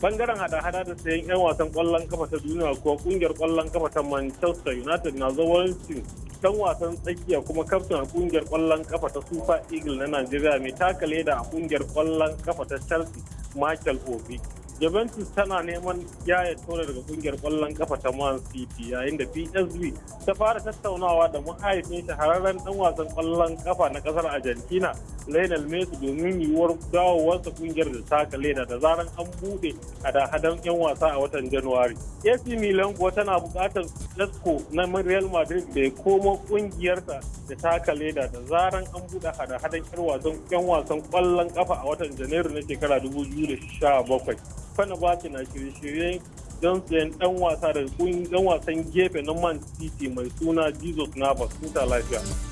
bangaren hada-hada da sayan 'yan wasan kwallon kafa ta duniya kuwa kungiyar kwallon kafa ta manchester united na zawarcin dan wasan tsakiya kuma kaftin kungiyar kwallon kafa ta super eagle na nigeria mai taka leda a kungiyar kwallon kafa ta chelsea michael obi Juventus tana neman yaya tore daga kungiyar kwallon kafa ta Man City yayin da PSV ta fara tattaunawa da mahaifin shahararren dan wasan kwallon kafa na kasar Argentina Lionel Messi domin yiwuwar dawowarsa kungiyar da ta leda da zaran an bude da hadan 'yan wasa a watan January. AC Milan kuwa tana bukatar Atletico na Real Madrid da ya komo kungiyarsa da taka leda da zaran an buɗe hada-hadan yan wasan yan wasan ƙwallon kafa a watan Janairu na shekara 2017. Fenerbahce na shirye-shiryen don sayan ɗan wasa da wasan gefe na Man City mai suna Jesus Navas. Huta lafiya.